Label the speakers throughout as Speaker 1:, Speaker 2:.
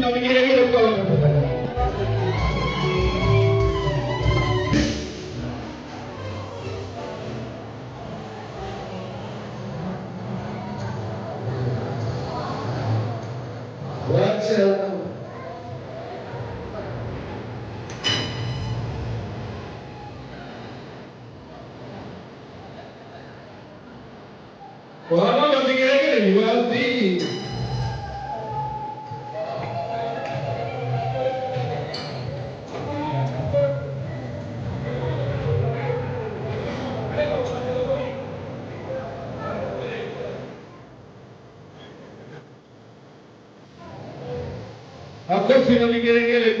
Speaker 1: no un you. ಆ ಕೊಪ್ಪಿನ ಲಿಂಗನಿಗೆ ಲಿಂಗ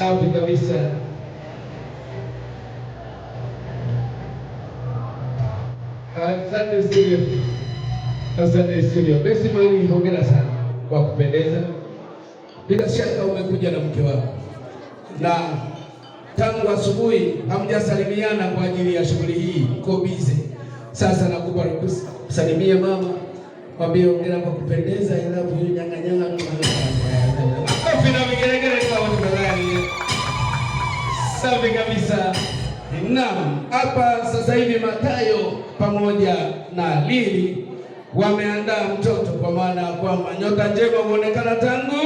Speaker 1: safi kabisa. Asante studio, asante studio. Basi mali, hongera sana kwa kupendeza. Bila shaka umekuja na mke wako, na tangu asubuhi hamjasalimiana kwa ajili ya shughuli hii, uko bize. Sasa nakupa ruhusa kusalimia mama, mwambie hongera kwa kupendeza, ila nyang'anyanga na vigelegele safi kabisa. Naam, hapa sasa hivi Matayo pamoja na Lili wameandaa mtoto, kwa maana ya kwamba nyota njema huonekana tangu.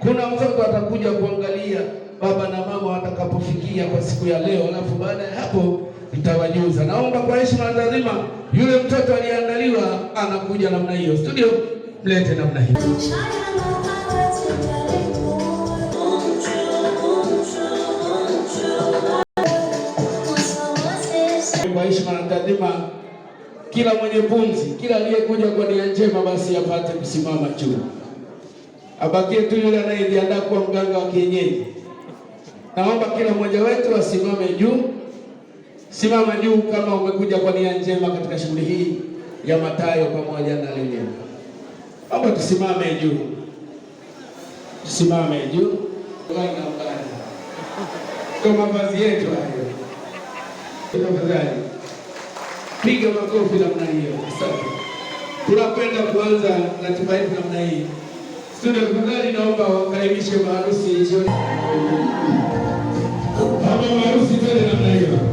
Speaker 1: Kuna mtoto atakuja kuangalia baba na mama watakapofikia kwa siku ya leo, alafu baada ya hapo nitawajuza. Naomba kwa heshima na taadhima, yule mtoto aliyeandaliwa anakuja namna hiyo. Studio mlete namna hiyo. kwa heshima na taadhima, kila mwenye pumzi, kila aliyekuja kwa nia njema, basi apate kusimama juu, abakie tu yule anayejiandaa kuwa mganga wa kienyeji. Naomba kila mmoja wetu asimame juu. Simama juu kama umekuja kwa nia njema katika shughuli hii ya Mathayo pamoja na lile. Naomba tusimame juu, tusimame juu kwa mavazi yetu hayo. Tafadhali piga makofi namna hiyo, asante. Tunakwenda kuanza ratiba yetu namna hii. Studio, tafadhali naomba wakaribishe maharusi jioni. Baba maharusi, twende namna hiyo.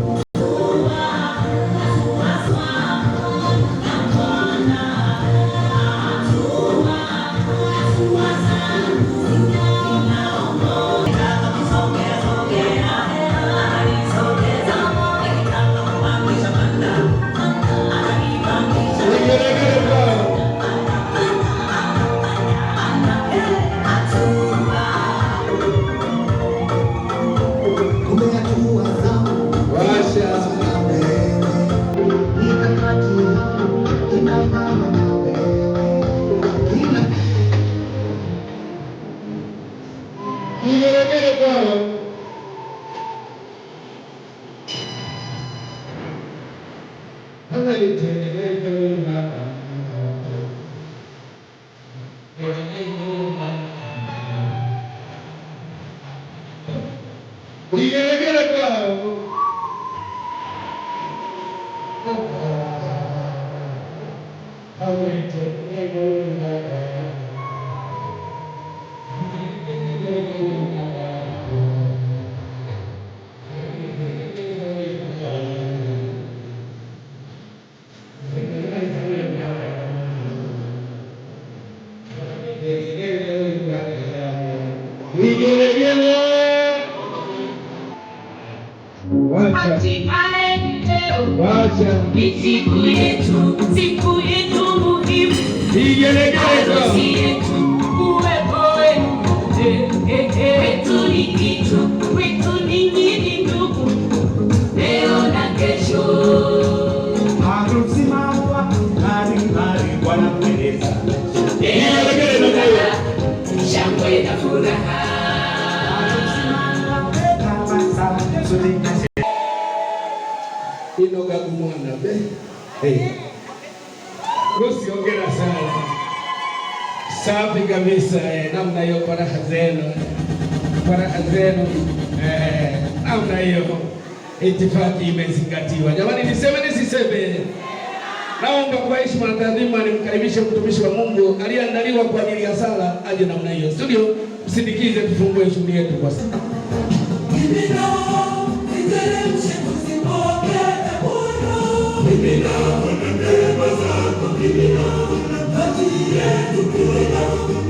Speaker 1: He gave it go. ni siku yetu, siku yetu muhimu, igelegele Rusi, hongera sana. Safi kabisa, eh, namna hiyo, baraka zenu, baraka zenu, eh, namna hiyo, itifaki imezingatiwa. Jamani, niseme nisiseme? Naomba kwa heshima na taadhima nimkaribishe mtumishi wa Mungu aliyeandaliwa kwa ajili ya sala aje namna hiyo studio, msindikize, tufungue shughuli yetu kwa sala. Baby, no, no, no, no,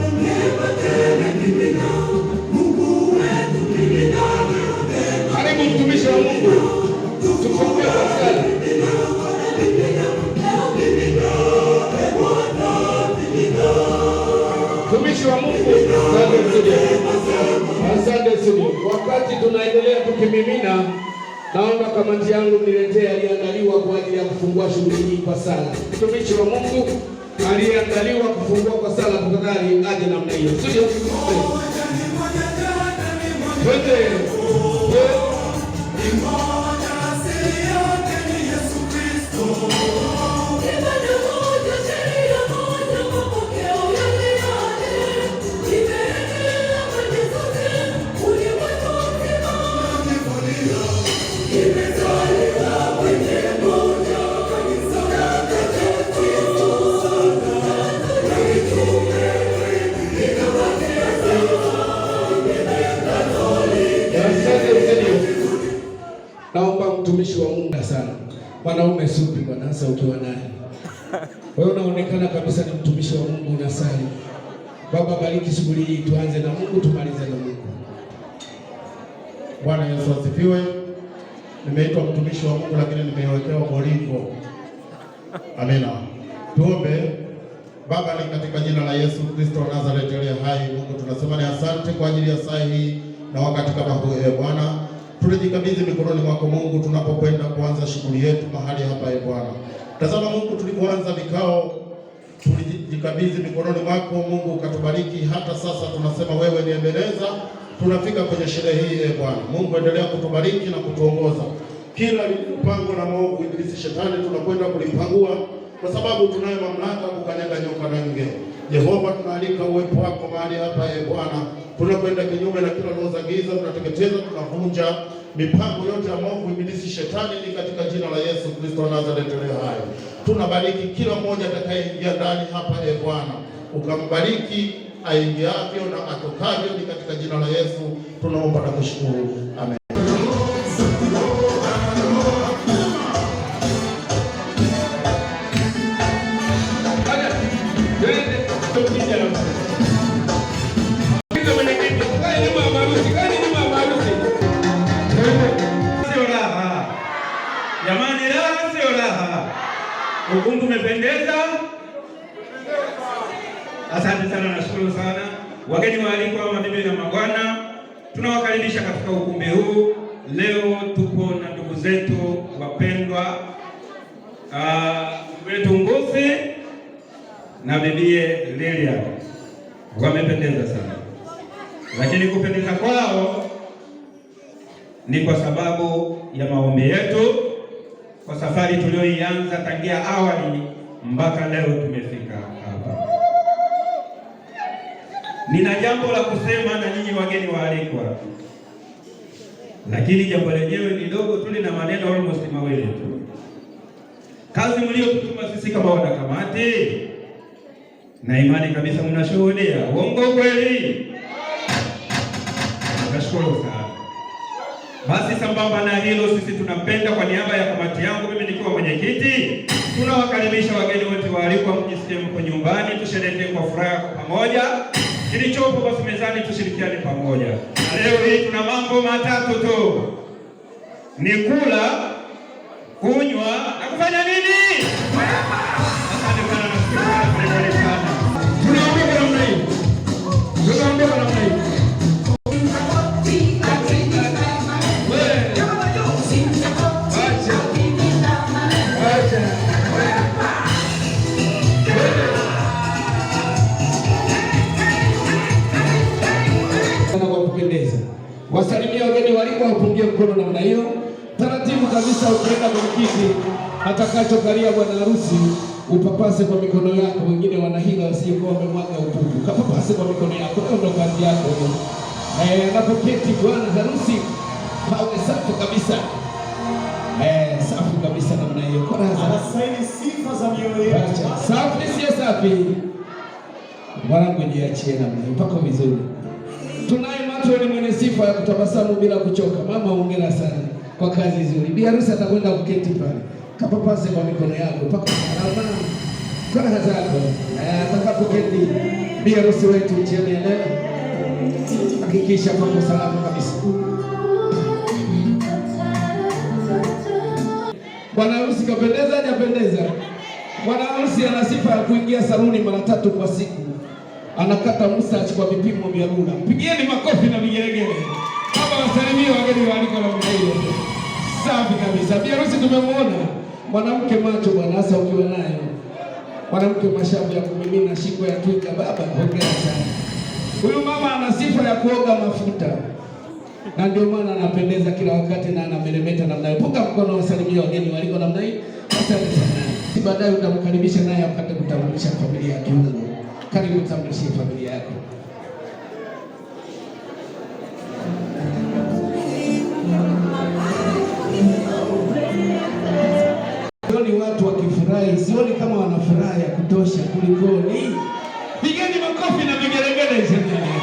Speaker 1: Vente. mtumishi wa Mungu sana. Mwanaume supi bwana, hasa ukiwa naye wewe unaonekana kabisa ni mtumishi wa Mungu unasali. Baba, bariki shughuli hii, tuanze na Mungu tumalize na Mungu. Bwana Yesu asifiwe. Nimeitwa mtumishi wa Mungu lakini nimewekewa bolingo. Amina. Tuombe. Baba, ni katika jina la Yesu Kristo wa Nazareti aliye hai, Mungu tunasema ni asante kwa ajili ya saa hii na wakati kama huu, ewe Bwana tulijikabidhi mikononi mwako Mungu tunapokwenda kuanza shughuli yetu mahali hapa, e Bwana. Tazama Mungu, tulipoanza vikao tulijikabidhi mikononi mwako Mungu, ukatubariki. Hata sasa tunasema wewe niendeleza, tunafika kwenye sherehe hii e Bwana Mungu, endelea kutubariki na kutuongoza. Kila mpango na maovu Ibilisi Shetani tunakwenda kulipangua kwa sababu tunayo mamlaka kukanyaga nyoka na nge. Yehova, tunaalika uwepo wako mahali hapa e Bwana tunakwenda kinyume na kila roho za giza, tunateketeza tunavunja mipango yote ya maovu ibilisi shetani, ni katika jina la Yesu Kristo wa Nazareti leo hai tunabariki kila mmoja atakayeingia ndani hapa, e Bwana ukambariki aingiavyo na atokavyo, ni katika jina la Yesu tunaomba na kushukuru, amen. kuendeleza. Asante sana, nashukuru sana wageni waalikwa, mabibi na mabwana, tunawakaribisha katika ukumbi huu. Leo tuko na ndugu zetu wapendwa, ah, ndugu yetu na bibie Lilia, wamependeza sana, lakini kupendeza kwao ni kwa sababu ya maombi yetu kwa safari tulioianza tangia awali mpaka leo tumefika hapa. Nina jambo la kusema na nyinyi wageni waalikwa, lakini jambo lenyewe ni dogo tu, lina maneno almost mawili tu. Kazi mliotutuma sisi kama wanakamati, na imani kabisa mnashuhudia, uongo kweli? Nashukuru sana. Basi sambamba na hilo, sisi tunapenda kwa niaba ya kamati yangu, mimi nikiwa mwenyekiti, tunawakaribisha wageni wote waalikwa, mjisikie mko nyumbani, tusherehekee kwa furaha kwa pamoja kilichopo basi mezani, tushirikiane pamoja. Na leo hii tuna mambo matatu tu, ni kula, kunywa na kufanya nini? Utakachokalia bwana harusi upapase kwa mikono yako. Wengine wanahila wasiyekuwa wamemwaga upupu, kapapase kwa mikono yako. Leo ndo kazi yako eh, anapoketi bwana harusi pawe safi kabisa eh, safi kabisa namna hiyo. Kwa Anasaini sifa za mioyo yetu, safi sio safi. Mwanangu niachie namna hiyo, mpaka vizuri. Tunaye ni mwenye sifa ya kutabasamu bila kuchoka. Mama, hongera sana kwa kazi nzuri. Bi harusi atakwenda kuketi pale kapapase kwa mikono yako mpaka alama furaha zako eh, atakapoketi bi harusi wetu jioni ya leo, hakikisha kwamba salama kabisa. Bwana harusi kapendeza, hajapendeza? Bwana harusi ana sifa ya kuingia saluni mara tatu kwa siku, anakata msach kwa vipimo vya rula. Pigieni makofi na vigelegele hapa, wasalimia wageni waaliko na hiyo. Safi kabisa, bi harusi tumemwona mwanamke macho bwana, hasa ukiwa nayo mwanamke mashavu ya kumimina shiko ya twiga. Baba hongera sana, huyu mama ana sifa ya kuoga mafuta na ndio maana anapendeza kila wakati na anameremeta namna hiyo. Punga mkono, wasalimia wageni waliko namna hii. Asante sana, baadaye utamkaribisha naye apate kutambulisha familia yake. kiungo. Karibu tambulishe familia yako. sioni watu wakifurahi, sioni kama wanafuraha ya kutosha. Kulikoni? Pigeni makofi na vigelegele jamani.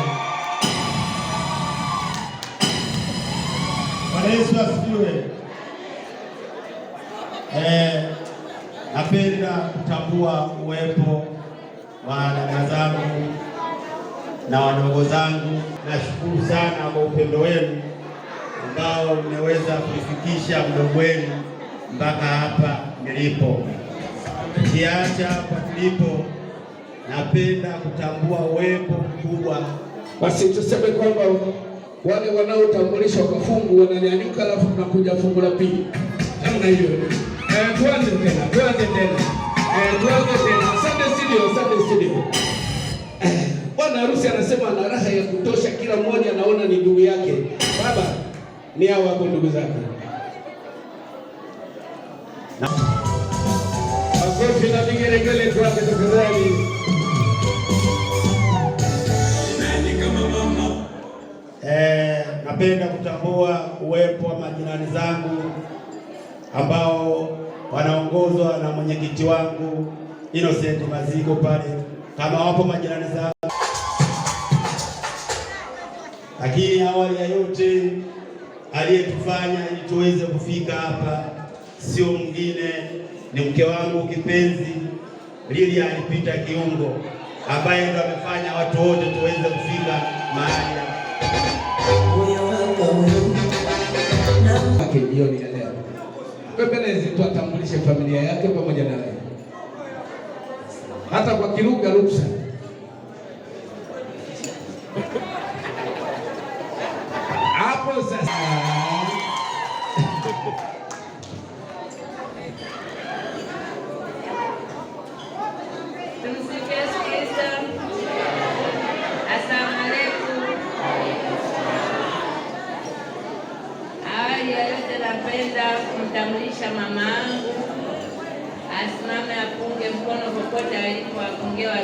Speaker 1: Bwana Yesu asifiwe. Eh, napenda kutambua uwepo wa dada zangu na wadogo zangu. Nashukuru sana kwa upendo wenu ambao mmeweza kuifikisha mdogo wenu mpaka hapa nilipo. Kiacha hapa nilipo, napenda kutambua uwepo mkubwa. Basi tuseme kwamba wale wanaotambulishwa kwa fungu wananyanyuka, alafu tunakuja fungu la pili namna hiyo. Eh, tuanze tena, tuanze tena, eh, tuanze tena. Asante studio, asante studio. Eh, bwana harusi anasema ana raha ya kutosha, kila mmoja anaona ni ndugu yake. Baba ni hao hapo, ndugu zake kipengele chake tafadhali. Eh, napenda kutambua uwepo wa majirani zangu ambao wanaongozwa na mwenyekiti wangu Innocent Maziko pale, kama wapo majirani zangu. Lakini awali ya yote aliyetufanya ili tuweze kufika hapa sio mwingine, ni mke wangu kipenzi Lilia alipita kiungo ambaye ndo amefanya watu wote tuweze kufika mahali hapa jioni ya leo. Bembelezi tuatambulishe familia yake pamoja na hata kwa kilugha ruksa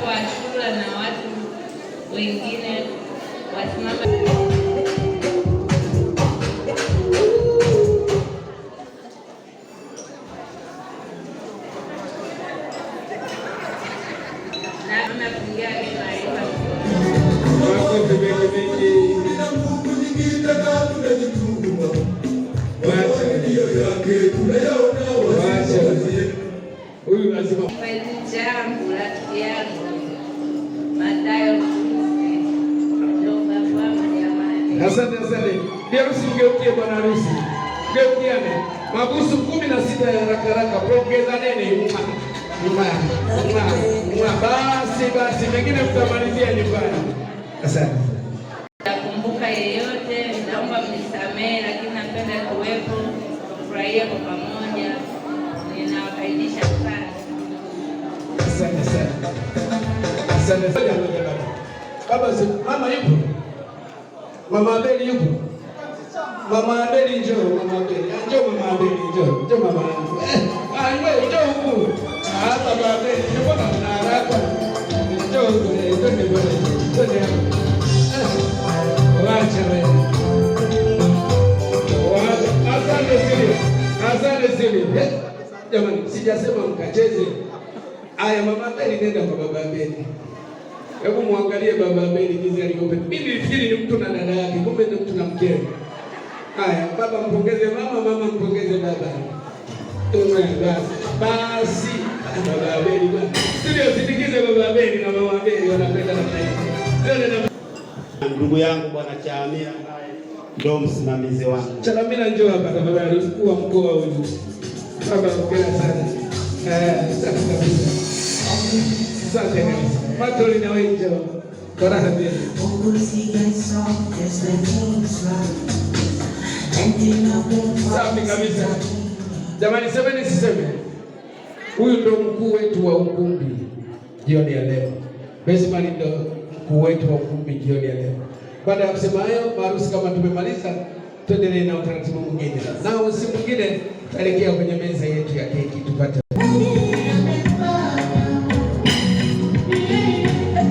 Speaker 2: kwa na watu wengine wasimama
Speaker 1: bwana harusi. Geukiane. Mabusu kumi na sita ya haraka haraka. Pongezaneni. Basi basi, mengine mtamalizia nyumbani. Asante.
Speaker 2: Nakumbuka yeyote, naomba mnisamehe, lakini napenda kuwepo kufurahia kwa pamoja. Ninawakaribisha sana.
Speaker 1: Asante sana. Asante sana. Baba, mama yupo? Mama Abeli yupo? Mama Abeli njoo, mama Abeli. Njoo mama Abeli, njoo. Njoo mama yangu. eh, wewe njoo huku. Ah, baba Abeli, mbona una haraka? Njoo huku, twende bwana. Twende hapo. Waacha wewe. Asante Sili. Asante Sili. Jamani, sijasema mkacheze. Aya, mama Abeli, nenda kwa baba Abeli. Hebu muangalie baba Abeli jinsi alivyope. Mimi nilifikiri ni mtu na dada yake, kumbe ni mtu na mkewe. Haya, baba mpongeze mama, mama mpongeze baba. Basi baba Abeli bwana, sio sindikize baba Abeli na mama Abeli wanapenda na ndugu yangu bwana Chaamira ndio msimamizi wangu. Chaamira njoo hapa baba alikuwa wa mkoa huyu. Baba mpenda sana. Eh, asante kabisa. Pato linawaita. Kwa raha pia. Safi kabisa. Jamani, semeni siseme, huyu ndo mkuu wetu wa ukumbi jioni ya leo. Besmari ndo mkuu wetu wa ukumbi jioni ya leo. Baada ya kusema hayo, maharusi kama tumemaliza, tuendelee na utaratibu mwingine, na usi mwingine, tuelekea kwenye meza yetu ya keki tupate